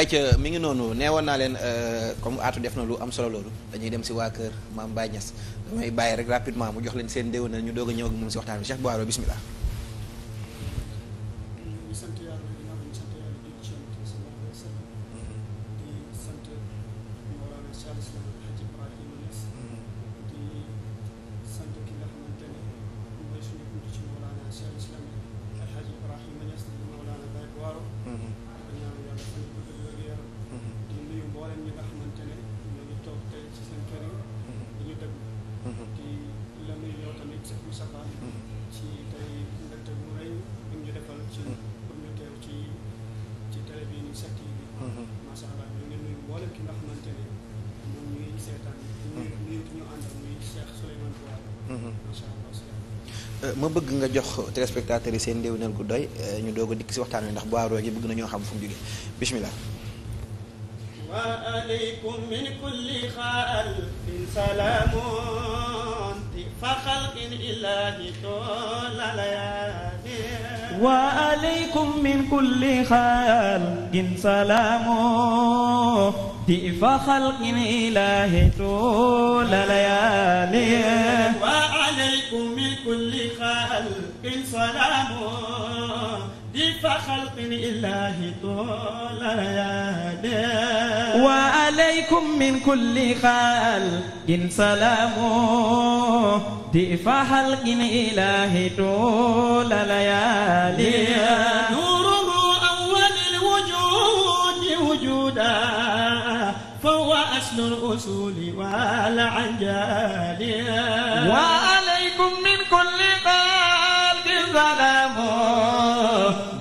ayca mi ngi noonu neewoon naa leen euh, comme aatu def na lu am solo loolu dañuy dem si waa kër maam Baye Niass damay bàyyi rek rapidement mu jox leen seen déwén na ñu doog a ñëw ak moom si waxtaan bi Cheikh Boiro bismillah mm-hmm. ma bëgg nga jox téléspectateurs yi seen ndéwénal gu doy euh, ñu doog a dikk si waxtaan wi ndax boiro yi bëgg na ñoo xam fu mu bismillah wa alaykum min kulli xaalin salaamun fa xalqin illaahi tola layaali wa alaykum يليق من كل خلق صلاة دف خلق الله طول ليالي وعليكم من كل خلق سلام دف خلق الله طول ليالي حسن الأصول وعلى عجالها وعليكم من كل قلب سلام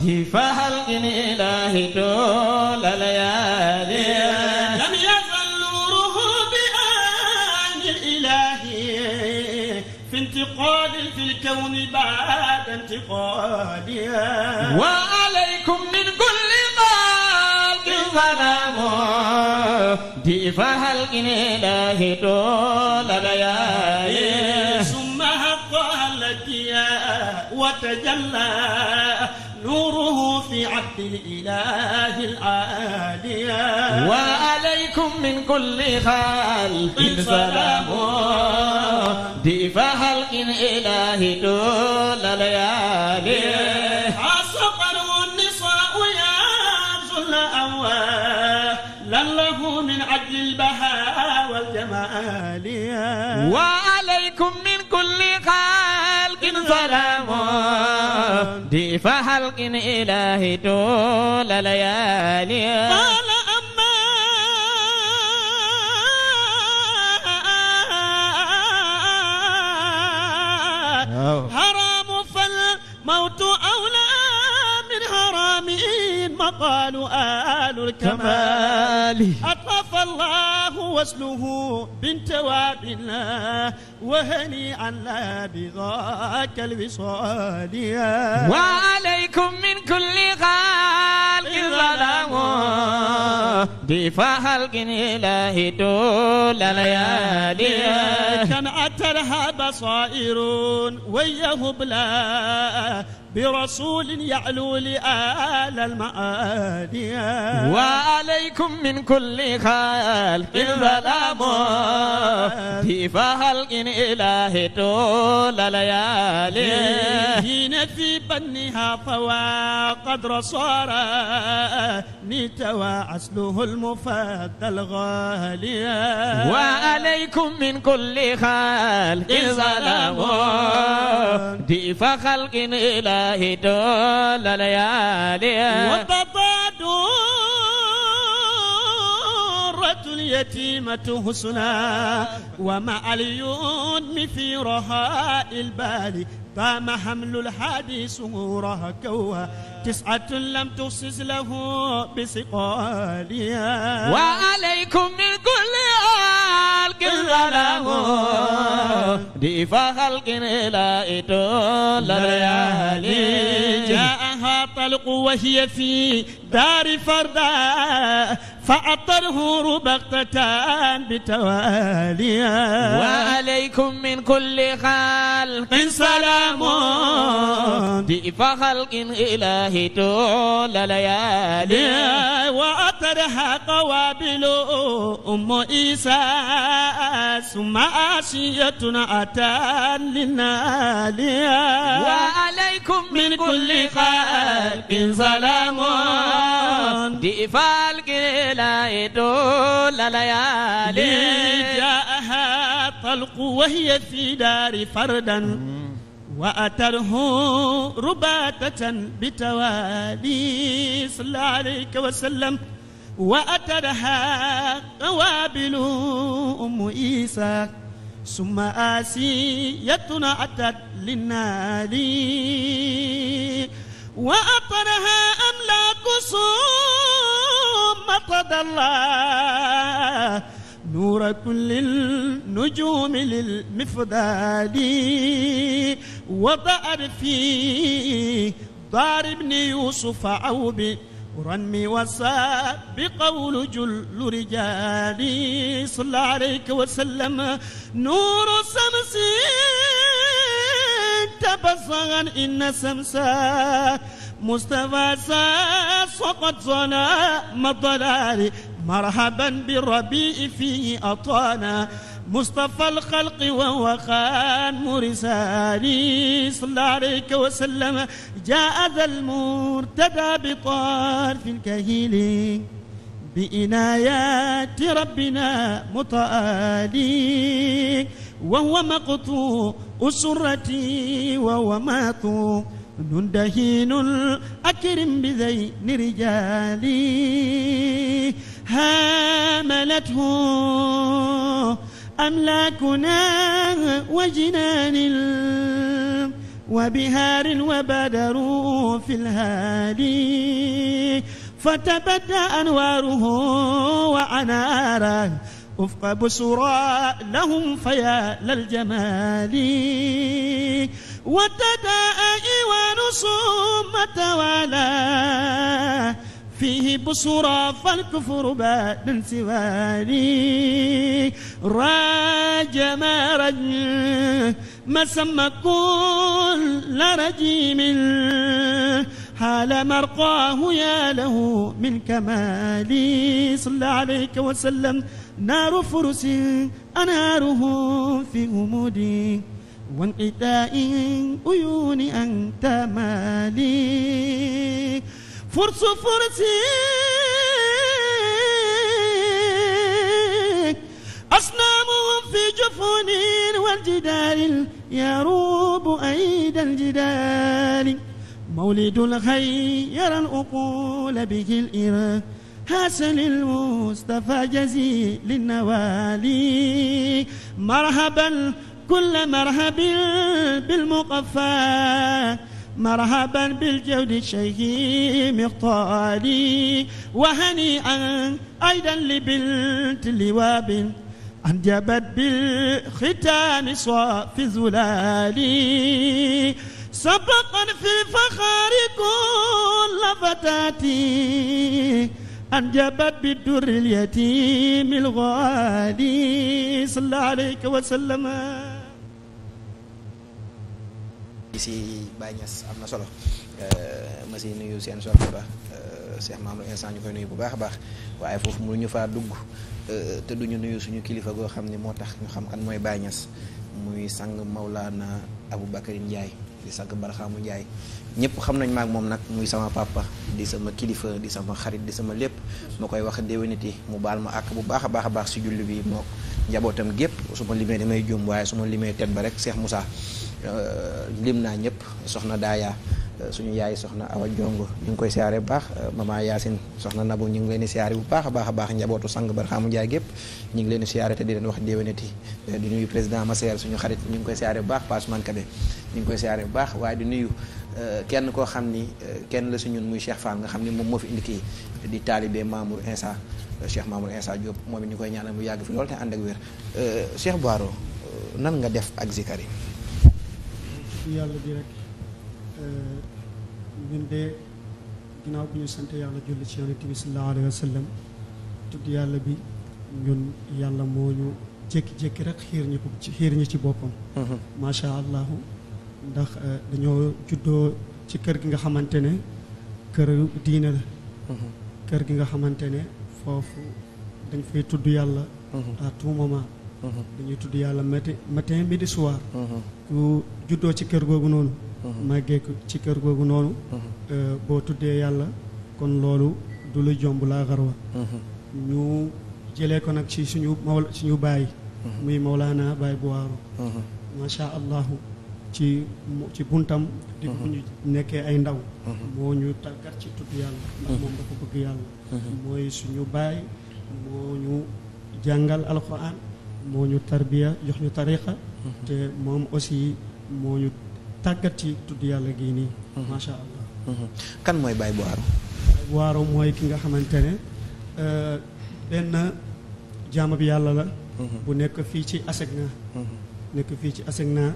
جفاح الإله طول ليالي لم يزل نوره بآن الإله في انتقال في الكون بعد انتقالها وعليكم من di fa halqin ilaahi toolalayaa summa haqa lakiya wa tajalla nuruhu fi abdi ilaahi alaaliya wa alaykum min kulli xaalin salaamu di fa halqin ilaahi toolalayaa من عدل البهاء والجمال وعليكم من كل خلق سلام ضيف خلق إله طول ليالي قال أما هرام فالموت أولى المقال آل الكمال أطاف الله وصله بنت واب الله وهنيئا لا بذاك الوصال وعليكم من كل خلق ظلام دفاع خلق الله دول ليالي كان أترها بصائر وياه بلا برسول يعلو لآل المآدي وعليكم من كل خلق الظلام في فهل إن إله طول ليالي في نفي فنها طوى قدر صار نتوى عسله المفضل غاليا وعليكم من كل خلق ظلم ضيف خلق إله دول ليالي وتطادوا اليتيمة حسنا ومع اليون في رهاء البال قام حمل الحادي سهورها كوها تسعة لم تخصص له بسقالها وعليكم من كل الظلام ضيف خلق إلى إطول الليالي جاءها طلق وهي في دار فردا فأطره ربقتان بتواليا وعليكم من كل خلق سلام ضيف خلق إله طول ليالي وأطرها قوابل أم إيسى ثم آسيتنا أتان للناليا وعليكم من كل خلق سلام ضيف خلق الشدائد الليالي جاءها طلق وهي في دار فردا وأتره رباتة بتوالي صلى الله عليه وسلم وأترها قوابل أم إيسى ثم آسيتنا أتت للنار وأطرها أملاك صور مقد الله نور كل النجوم للمفداد وطأر في دار ابن يوسف أو برمي وساب بقول جل رجالي صلى عليك وسلم نور الشمس تبصغا إن سمسا Moustapha Sa soqat zona madalaari marhaban bi rabii fii ataana Moustapha alxalqi wa waqaan murisaani salla alayka wa sallama jaa zal murtada bi tarfil kahili bi inaayaati rabbina mutaali wa huwa maqtu usurati wa huwa maatu دهين الأكرم بذين رجالي هاملته أملاكنا وجنان وبهار وبدر في الهادي فتبدى أنواره وأناره ufqa busra lahum faya lal jamali watada'i wa nusuma tawala فيه بصرى فالكفر بعد انسوالي راج ما رج ما سمى كل رجيم حال مرقاه يا له من كمالي صلى عليك وسلم نار فرس أناره في أمودي وانقطاع عيون أنت مالي فرس فرسك أصنامهم في جفن والجدال يروب أيد الجدال مولد الخير الأقول به الإرهاب حسن المصطفى جزيل النوالي مرحبا كل مرحب بالمقفى مرحبا بالجود الشيخ مقطالي وهنيئا أيضا لبنت لواب أنجبت بالختان صافي زلالي sabaqan fi faxaari kull fataati anjabat bi durril yatiimil ghaali si Baye am na solo euh, ma si nuyu seen soppe ba euh, Cheikh Mamadou instant ñu koy nuyu bu baax a baax waaye foofu mu ñu faa dugg euh, te duñu nuyu suñu kilifa goo xam ni moo tax ñu xam kan mooy Baye Niass muy sang abu Aboubacar Ndiaye di sàkk barxaamu Njaay ñëpp xam nañ maak moom nag muy sama papa di sama kilifa di sama xarit di sama lépp ma koy wax déwéniti mu baal ma àkk bu baax a baax a baax si julli bi moo njabootam gépp su ma limee damay juum waaye su ma limee tet ba rek Cheikh Moussa euh, lim naa ñëpp soxna Daaya Euh, suñu yaay soxna Awa Jongo ñu ngi koy siyaare bu baax euh, maman Yacine soxna Nabou ñu ngi leen di siyaare bu baax a baax a baax njabootu sang Barxaamu Njaay gépp ñu ngi leen di siyaare te di leen wax déwénati euh, di nuyu président Masseer suñu xarit ñu ngi koy siyaare bu baax Passeman Kabe ñu ngi koy siyaare bu baax waaye di nuyu kenn koo xam ni kenn la si ñun muy Cheikh Fall nga xam ni moom moo fi indi kii di taalibe Mamour Insa Cheikh Mamour Insa Diop moom it ñu koy ñaanal mu yàgg fi lool te ànd ak wér Cheikh Boiro nan nga def ak zikar Euh, ñun de ginnaaw bi ñu sant yàlla julli ci yonent bi sallallahu alayhi wa tudd yàlla bi ñun yàlla moo ñu jékki-jékki rek xiir ñi ko ci xiir ñi ci boppam mm-hmm. macha allah ndax euh, dañoo juddoo ci kër gi nga xamante ne kër diine la mm-hmm. kër gi nga xamante ne foofu dañ fay tudd yàlla mm-hmm. à tout moment dañuy tudd yàlla matin matin di soir ku juddoo ci kër googu noonu màggee ko ci kër googu noonu mhm. euh, boo tuddee yàlla kon loolu du lu jomb laa xarwa mhm. ñu jëlee ko nag ci suñu mawla suñu baay mhm. muy mawlaana baay bu waaru macha allahu ci ci buntam di bu nekkee ay ndaw moo ñu tàggat ci tudd yàlla ndax moom dafa bëgg yàlla mooy suñu baay moo ñu jàngal alquran moo ñu tarbiya jox ñu tariqa te moom aussi moo ñu tàggat ci tudd yàlla gii nii. Mhm. macha allah. Mhm. kan mooy Baye Boaro. Baye waaro mooy ki nga xamante ne euh, benn jaama bi yàlla la. Mhm. bu nekk fii ci Asegna. nekk fii ci Asegna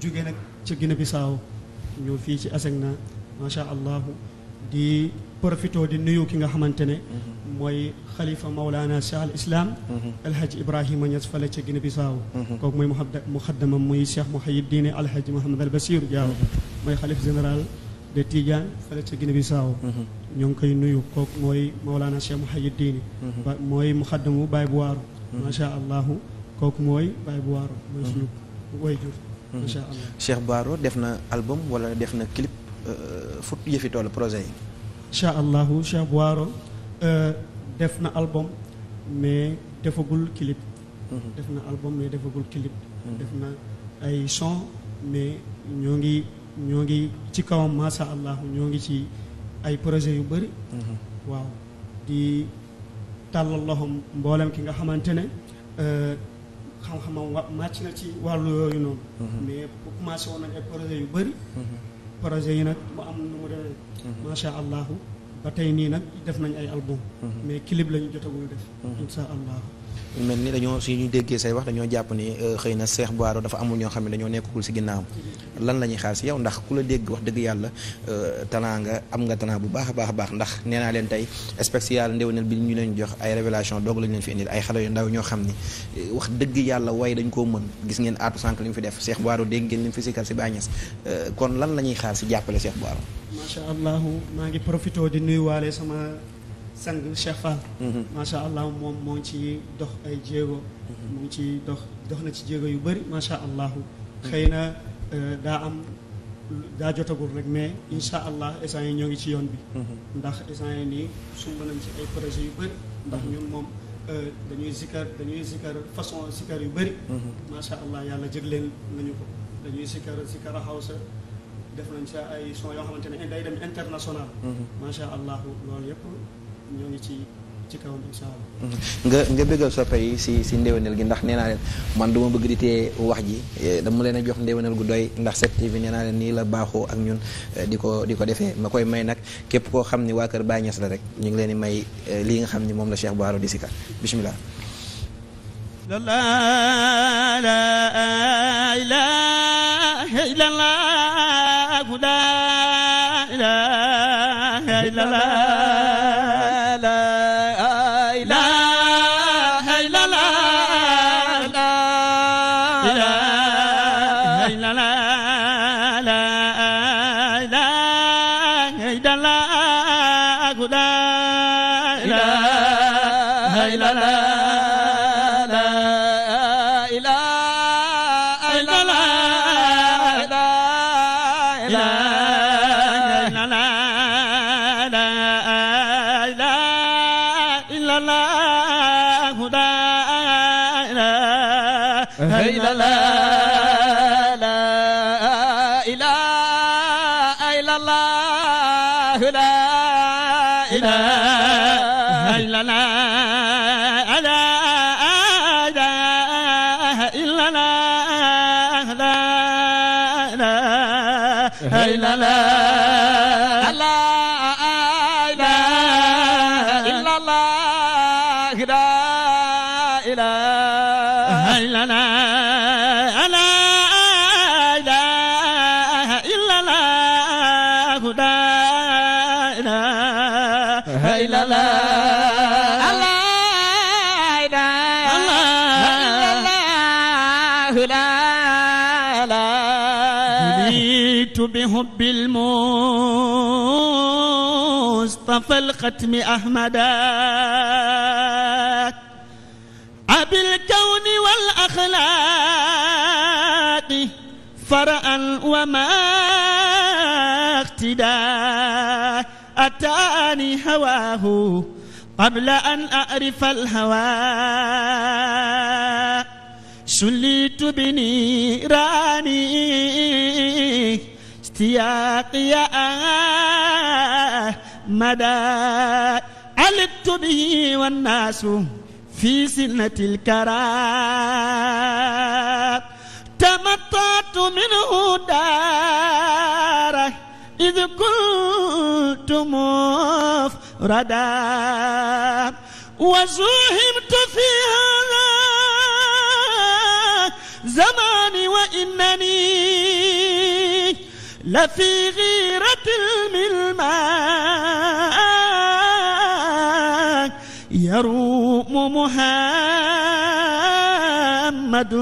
jóge nag ca Guinée Bissau ñëw fii ci Asegna macha allah. di profito di nuyu ki nga xamante ne mm-hmm. mooy xalifa Maulana Cheikh al Islam alhaj mm-hmm. Ibrahima Niass fale ca Guinée Bissau mm-hmm. kooku mooy muxaddamam muy Cheikh Mouhayidine alhaj Mouhamad al Basir Diaw mooy xalif général de Tidiane fale ca Guinée Bissau ñoo ngi koy nuyu kooku mooy Maulana Cheikh Mouhayidine mooy muxaddamu Baye bu waaru macha allah kooku mooy Baye bu waaru mooy suñu wayjur macha allah Cheikh Baro def na album wala def na clip Euh, fu yëfi toll projet yi. incha allahu Cheikh Boiro euh, def na album mais defagul clip. Mhm. def na album mais defagul clip. Mhm. def na ay son mais ñoo ngi ñoo ngi ci kawam macha allah ñoo ngi ci ay projet yu bëri. Mhm. waaw di tàllal loxo mboolem ki nga xamante ne euh, xam-xamam wa màcc na ci wàllu yooyu noonu. mais commencé woon nañ ay projet yu bëri. projet yi nag mu am nu mu demee. Mhm. macha allah ba tey nii nag def nañ ay album. Mhm. mais clip la ñu jotagul def. Mhm. incha allah. ñu mel ni dañoo suñu déggee say wax dañoo jàpp ni euh, xëy na Cheikh Boiro dafa amul ñoo xam ne dañoo nekkagul si ginnaawam lan la ñuy xaar si yow ndax ku la dégg wax dëgg yàlla euh, talent nga am nga talent bu baax a baax a baax ndax nee leen tey spécial ndéwénal bi ñu leen jox ay révélation doog lañ leen fi indil ay yu ndaw ñoo xam ni euh, wax dëgg yàlla way dañ koo mën gis ngeen aatu sànq li mu fi def Cheikh Boiro dégg ngeen li mu fi sikkal si bàñes kon lan la ñuy xaar si jàppale Cheikh Boiro macha sang Cheikh Fall mhm. macha allah moom moo ci dox ay jéego mu mhm. ci dox dox na ci jéego yu bëri macha allah mhm. xëy na euh, daa am daa jotagul rek mais incha allah essant yi ñoo ngi ci yoon bi ndax essant yi nii sumb nañ ci ay projets yu bëri ndax ñun moom euh, dañuy zikar dañuy zikar façon zikar yu bëri macha allah yàlla leen nañu ko dañuy zikar zikar hausa def nañ sa ay son yoo xamante ne day dem international macha allah loolu yëpp ñoo ngi ci ci kawam incha allah. Mm-hmm. nga nga bëggal soppe yi si si ndéwénal gi ndax nee naa leen man duma bëgg di te wax ji eh, dama leen a jox ndéwénal gu doy ndax set tv nee naa leen nii la baaxoo ak ñun eh, di ko di ko defee ma koy may nag képp koo xam ni waa kër baa Niass la rek ñu ngi leen di may eh, lii nga xam ni moom la Cheikh Baaro di sikar bismillah la la ilaha illallah illallah hay la la بحب المصطفى الختم أحمدا أبي الكون والأخلاق فرأى وما اقتدار أتاني هواه قبل أن أعرف الهوى سليت بنيراني استياقي مدى علبت به والناس في سنة الكرام تمطعت منه دار إذ كنتم ردا وزوهمت في هذا زمان وإنني لفي غيرة الملمان يروم محمد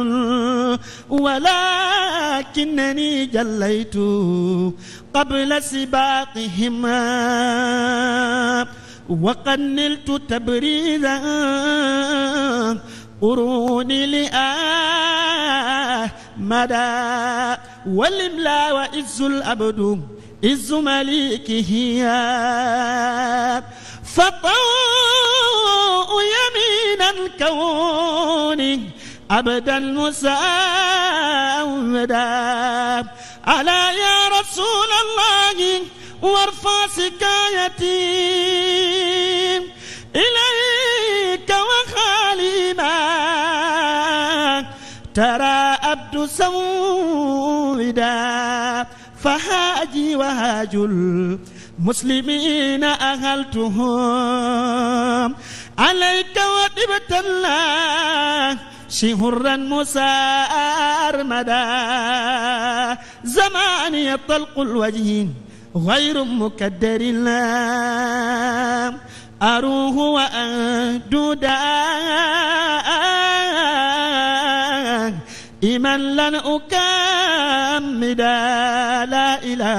ولكنني جليت قبل سباقهما وقد نلت تبريدا قروني لآه مدى والإملا وإز الأبد إز مليكه فطوء يمينا كوني أبدا مساودا ألا يا رسول الله وارفع سكايتي إليك وخالما ترى أبد سودا فهاجي وهاج المسلمين أهلتهم عليك وطبت الله شهرا مساء أرمدا ثاني طلق الوجه غير مكدر لا أروه وأهدو داء إمن لن أكمدا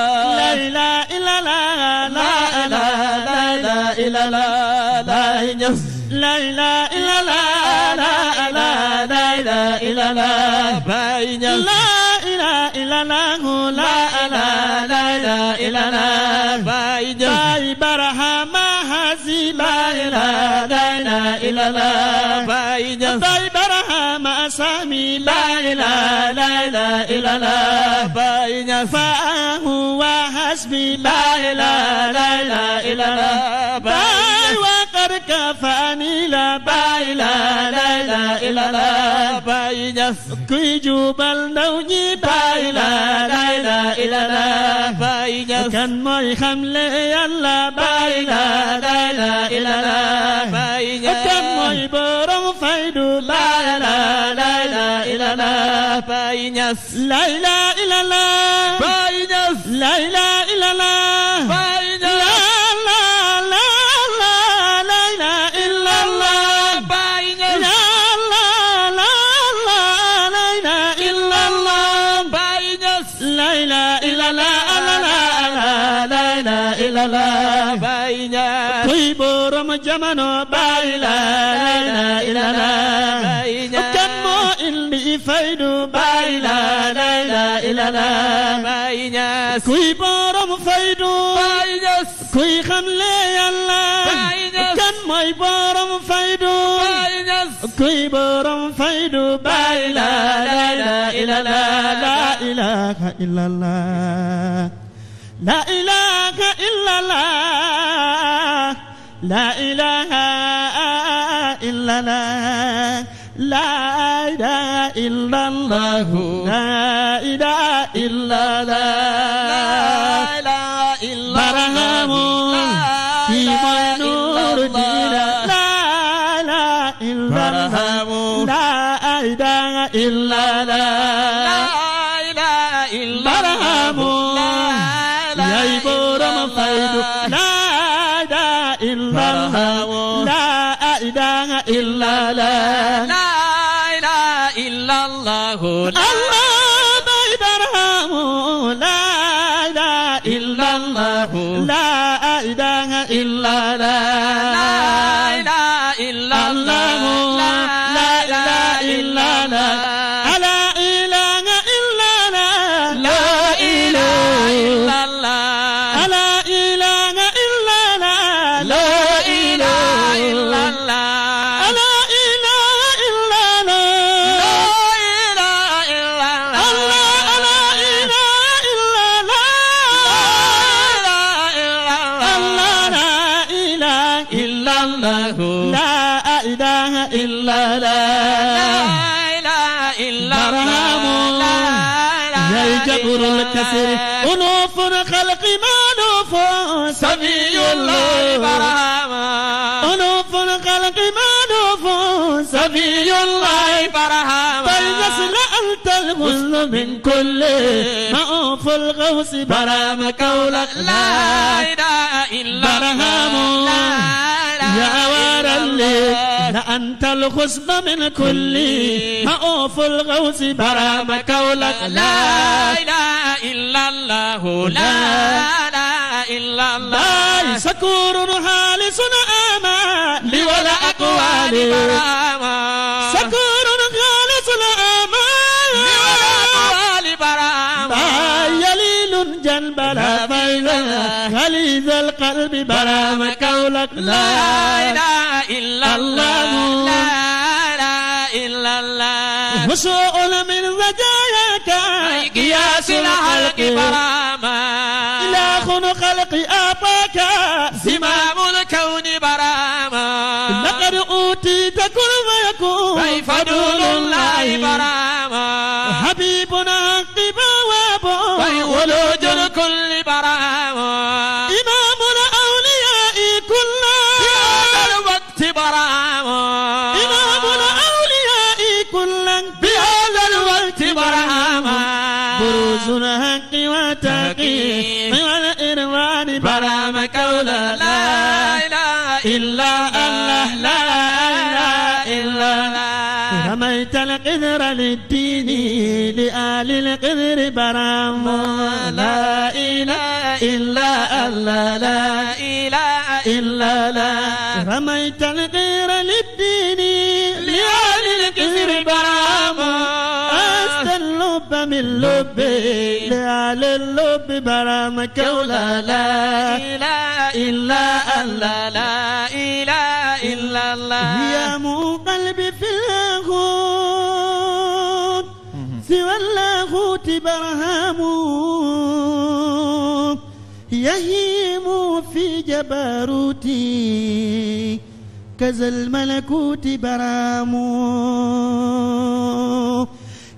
la ilaha illallah la ilaha illallah la ilaha illallah Baay Ñas la ilaha illallah la ilaha illallah Baay Ñas Baay Barhama Hazi la ilaha illallah Baay Ñas Baay Barhama Asami la ilaha illallah Baay Ñas حسبي لا إله لا إله إلا الله باي وقد كفاني لا باي لا لا إله إلا الله باي نس كي جوبل نوني باي لا لا إله إلا الله باي نس كان موي خملة يلا باي لا لا إله إلا الله باي نس كان موي برم فايدو لا لا لا إله إلا الله باي نس لا إله إلا الله jamono bàyyi laa laa ilaa kan moo indi faydu bàyyi laa laa ilaa kuy borom faydu kuy xamle yàlla kan mooy borom faydu kuy borom faydu bàyyi laa laa ilaa laa ilaaha illallah لا إله إلا الله لا إله إلا الله لا إله إلا الله لا إله برهام في نور دين لا إله إلا الله لا إله إلا الله Allah لا إله إلا لا إله إلا برهام يا الجبر الكسر أنوف الخلق مألوف سبي الله برهام أنوف الخلق مألوف سبي الله برهام فإذا أنت المذل من كل مأوف الغوث برام كولك لا إله إلا برهام لا يا ورلي لأنت الغصب من كل مأوف الغوث برام كولك لا إله إلا الله لا إله إلا الله سكور خالص آمال ولا أقوال برام سكور خالص آمال ولا أقوال برام يليل جنبلا bi baraama Kaolack la ilaha illa allah la ilaha illa allah wasuul min wajaayaka qiyaasil xalqi baraama ilaahun xalqi aataaka zimaamul kawni baraama laqad uutiita kul ma yakun fadlullahi baraama إلا الله لا إله إلا رميت القدر للدين لآل القدر برام لا إله إلا الله لا إله إلا لا رميت القدر للدين لآل القدر برام اللبي لعل اللب برام كولا لا إله إلا الله لا إله إلا الله يا مو قلبي في اللاهوت سوى اللاهوت برهام يهيم في جبروتي كذا الملكوت برام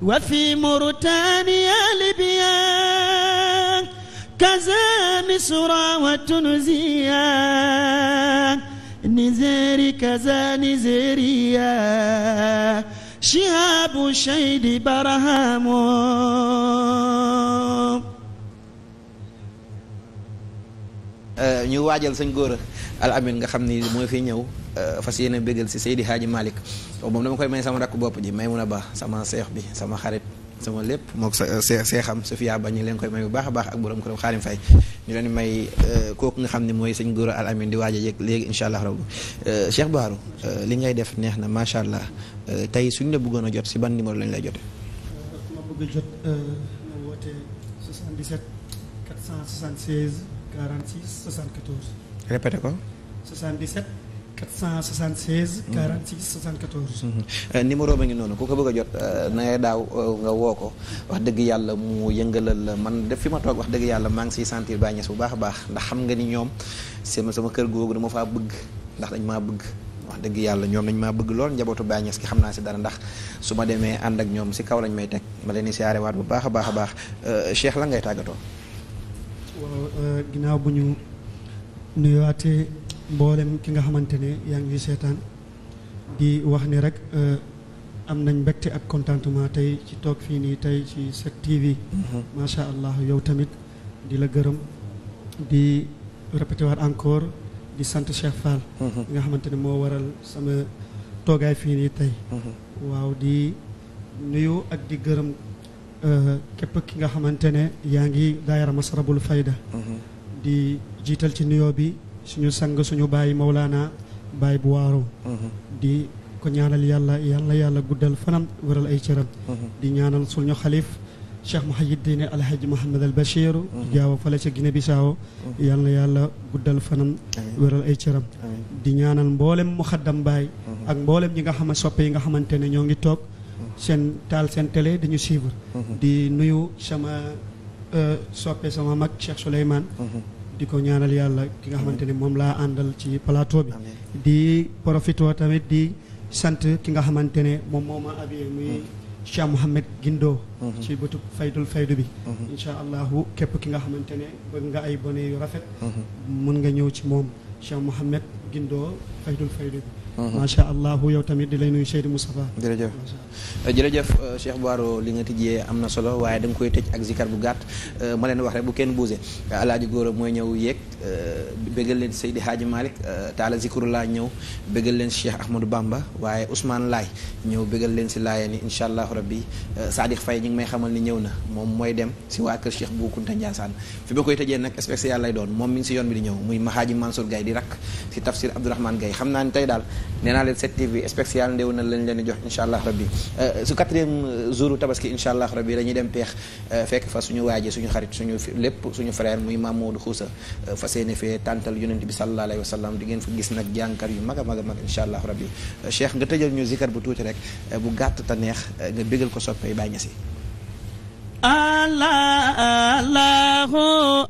وفي موريتانيا ليبيا كذا مصر وتونسيا نيجيري كذا نيجيريا شهاب الشهيد برهام Euh, ñu waajal sëñ góor al amin nga xam ni mooy fiy ñëw euh, fas yéene bégal si Seydi Hadji Malick oh, moom dama koy may sama rakk bopp ji may mun a baax sama seex bi sama xarit sama lépp mook sa euh, seexam Sofia ba ñu leen koy may bu baax a baax ak borom këram Xaarim Fay ñu leen may kooku nga xam ne mooy sëñ góor al amin di waaj a yëg léegi incha allah rabu Cheikh Baaru li ngay def neex na macha allah tey suñ la bëggoon a jot si ban numéro lañ lay jote ma bëgg 46 74. répété ko. 77 476. 46 74. numéro ba ngi noonu ku ko bëgg a jot euh, na daaw euh, nga woo ko wax dëgg yàlla mu yëngalal man def fi ma toog wax dëgg yàlla maa ngi siy sentir bàññees bu baax a baax ndax xam nga ni ñoom sama sama kër googu dama faa bëgg ndax dañ maa bëgg. wax dëgg yàlla ñoom nañ maa bëgg lool njabootu Baay Ñas ki xam naa si dara ndax su ma demee ànd ak ñoom si kaw lañ may teg ma leen di waat bu baax a baax a baax euh, Cheikh la ngay tàggatoo waaw euh, ginnaaw bu ñu nuyuwaatee mbooleem ki nga xamante ne yaa ngi seetaan di wax ni rek euh, am nañ mbégte ak contentement tey ci toog fii nii tey ci 7TV. macha mhm. allah yow tamit di la gërëm di répété waat encore di sant Cheikh Fall. Mhm. nga xamante ne moo waral sama toogaay fii nii tey. Mhm. waaw di nuyu ak di gërëm. Eh, képp ki nga xamante ne yaa ngi daayira masrabul fayda mm-hmm. di jiital ci nuyo bi suñu sang suñu bàyyi Mawlaana bàyyi bu waaro mm-hmm. di ko ñaanal yàlla yàlla yàlla guddal fanam wëral ay cëram mm-hmm. di ñaanal suñu xalif cheikh Mouhayidine alhaji Mouhamed al Bachir jaawa fale ca Guinée Bissau yàlla yàlla guddal fanam wéral ay cëram di ñaanal mboolem muxaddam baay ak mboolem ñi nga xam ne soppe yi nga xamante ne ñoo ngi toog seen taal seen télé dañu suivre. Mm-hmm. di nuyu sama euh, soppe sama mag Cheikh Souleymane. Mm-hmm. di ko ñaanal yàlla ki nga xamante ni moom laa àndal ci plateau bi. di profito tamit di sant ki nga xamante ne moom moo ma abiyee muy. Mm-hmm. Cheikh Mouhamed Guindo. ci bëtu faydul faydu bi. incha allahu képp ki nga xamante ne bëgg nga ay bone yu rafet. mun nga ñëw ci moom Cheikh Mouhamed gindoo faydul faydu bi. Mm-hmm. macha allah yow tamit di lay nuyu Seydi Moustapha jërëjëf uh, jërëjëf uh, Cheikh Boiro li nga tijjee am na solo waaye da koy tëj ak zikar bu gàtt uh, ma leen wax rek bu kenn buuse alaaji góor a mooy ñëw yéeg béggal leen Seydi Hadji Malick taala zikrullah ñëw béggal leen Cheikh Ahmadou Bamba waaye Ousmane Laay ñëw béggal leen si laaya ni incha allah rabbi Sadiq a ñu ngi may xamal ni ñëw na moom mooy dem si waa kër Cheikh Bou Kounta Ndiassane fi ba koy tëjee nag spécial lay doon moom mi ngi si yoon bi di ñëw muy Mahaaji Mansour Gaye di rak si tafsir Abdourahmane Gaye xam naa ni tey daal nee naa leen 7TV spécial ndéw na lañ leen di jox incha allah rabbi euh, su quatrième jour tabaski incha allah rabbi dañuy dem peex euh, fekk fa suñu waaje suñu xarit suñu lépp suñu frère muy Mamadou Xuusa euh, fa seeni fee tàntal yonent bi sallallahu alayhi wa sallam di fa gis nag jànkar yu mag a mag a mag incha nga tëjal ñu zikar bu tuuti bu gàtt te neex nga bégal ko soppay bàyyi si Allah Allah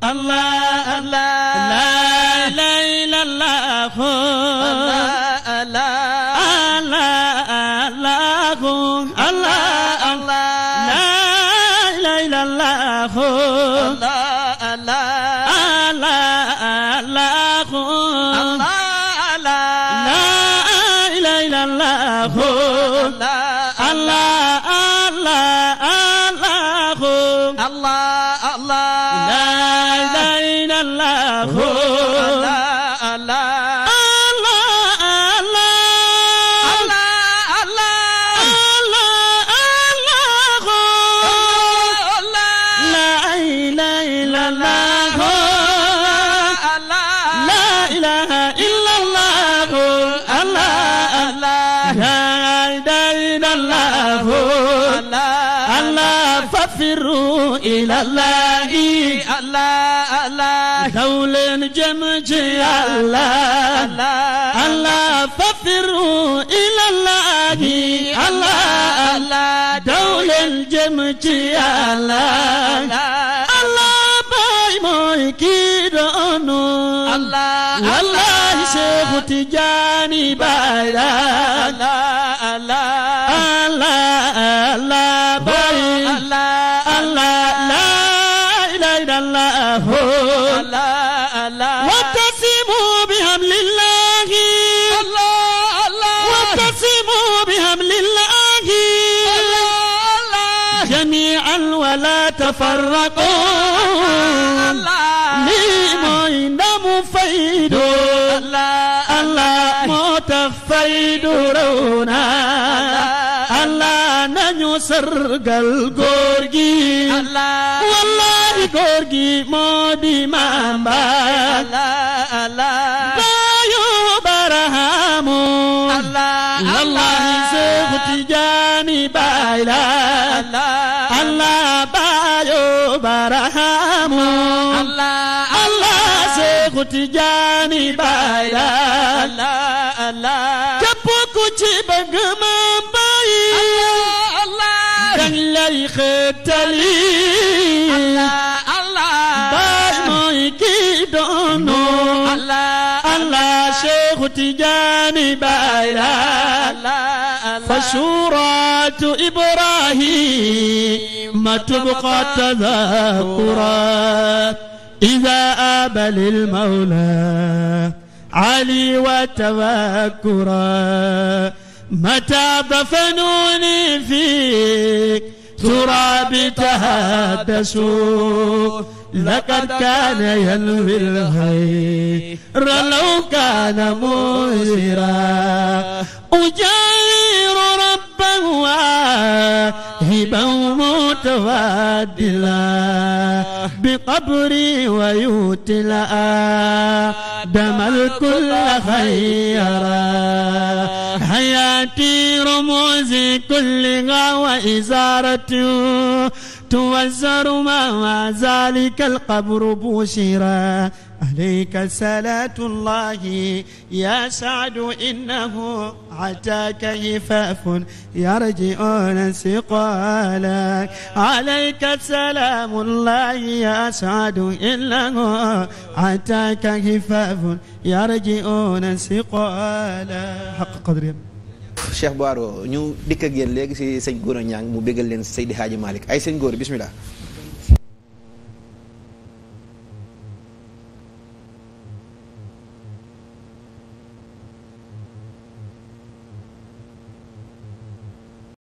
Allah Allah الله الله ففروا إلى الله الله الله دول الجم ci Allah Allah baay mooy kii doonu Allah Allah Seexu Tijaani baay tafarraqoo lii mooy ndamu faydu allah moo tax faydu raw na allah nañu sargal wallahi góor gi moo di mamba bayu barahamu wallahi Seex Tijaani bayla baraham Allah Allah Seexu Tijaani bayra سورة إبراهيم تبقى تذكرا إذا آب للمولى علي وتذكرا متى دفنوني فيك تراب تهدسوا لقد كان ينوي الخير لو كان مؤسرا أجير موهبا متفادلا بقبري ويتلا دم الكل خيرا حياتي رموزي كلها وإزارتي توزر ما ذلك القبر بشرا عليك صلاة الله يا سعد إنه عتاك هفاف يرجئون ثقالك عليك سلام الله يا سعد إنه عتاك هفاف يرجئون ثقالك حق قدر Cheikh Boiro ñu dikk ak yéen léegi si sëñ Gora Niang mu bégal leen Seydi Hadji Malick ay sëñ Gora bismillah